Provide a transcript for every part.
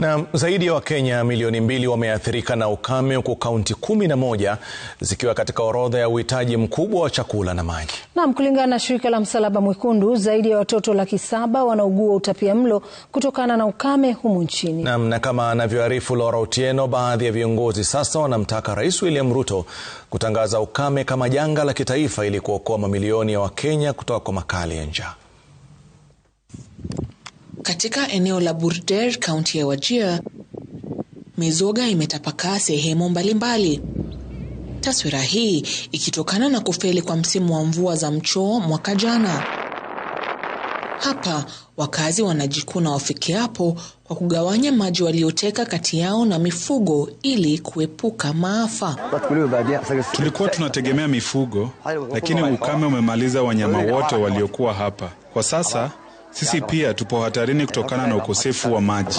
Na zaidi ya wa Wakenya milioni mbili wameathirika na ukame huku kaunti kumi na moja zikiwa katika orodha ya uhitaji mkubwa wa chakula na maji. Naam, kulingana na shirika la Msalaba Mwekundu, zaidi ya watoto laki saba wanaugua mlo kutokana na ukame humu nchini. Naam, na kama anavyoarifu Laura Otieno, baadhi ya viongozi sasa wanamtaka Rais William Ruto kutangaza ukame kama janga la kitaifa ili kuokoa mamilioni ya Wakenya kutoka kwa makali ya njaa. Katika eneo la Burder, kaunti ya Wajir, mizoga imetapakaa sehemu mbalimbali. Taswira hii ikitokana na kufeli kwa msimu wa mvua za mchoo mwaka jana. Hapa wakazi wanajikuna wafikiapo kwa kugawanya maji walioteka kati yao na mifugo ili kuepuka maafa. Tulikuwa tunategemea mifugo, lakini ukame umemaliza wanyama wote waliokuwa hapa. Kwa sasa sisi pia tupo hatarini kutokana na ukosefu wa maji.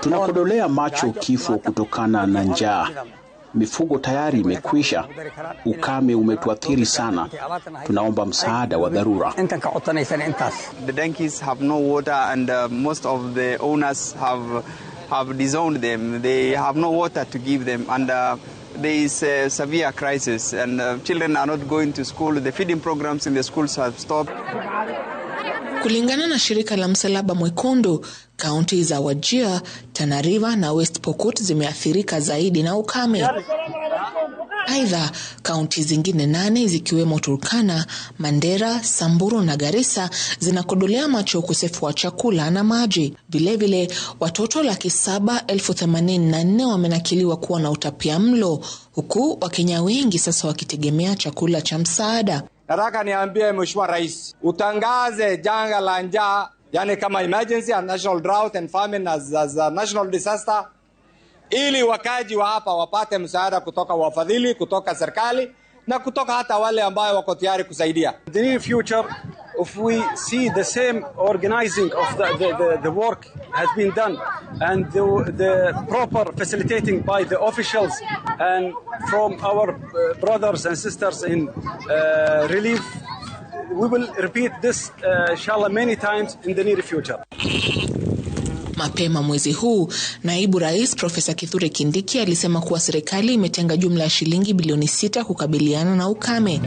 Tunakodolea macho kifo kutokana na njaa. Mifugo tayari imekwisha. Ukame umetuathiri sana, tunaomba msaada wa dharura. The there is a severe crisis and uh, children are not going to school. The feeding programs in the schools have stopped. Kulingana na shirika la Msalaba Mwekundu, kaunti za Wajia, Tana River na West Pokot zimeathirika zaidi na ukame. Aidha, kaunti zingine nane zikiwemo Turkana, Mandera, Samburu na Garissa zinakodolea macho ukosefu wa chakula na maji. Vilevile, watoto laki saba elfu themanini na nne wamenakiliwa kuwa na utapia mlo, huku Wakenya wengi sasa wakitegemea chakula cha msaada. Nataka niambie Mheshimiwa Rais, utangaze janga la njaa, yani kama emergency and national drought and famine as, as a national disaster, ili wakaji wa hapa wapate msaada kutoka wafadhili, kutoka serikali na kutoka hata wale ambayo wako tayari kusaidia. The future if we see the same organizing of the, the, the, the work has been done and the, the, proper facilitating by the officials and from our uh, brothers and sisters in uh, relief, we will repeat this, uh, inshallah, many times in the near future. Mapema mwezi huu, naibu rais Profesa Kithure Kindiki alisema kuwa serikali imetenga jumla ya shilingi bilioni sita kukabiliana na ukame.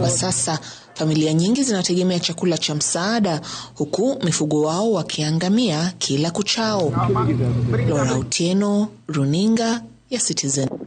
Kwa sasa familia nyingi zinategemea chakula cha msaada, huku mifugo wao wakiangamia kila kuchao. Lora Utieno, runinga ya Citizen.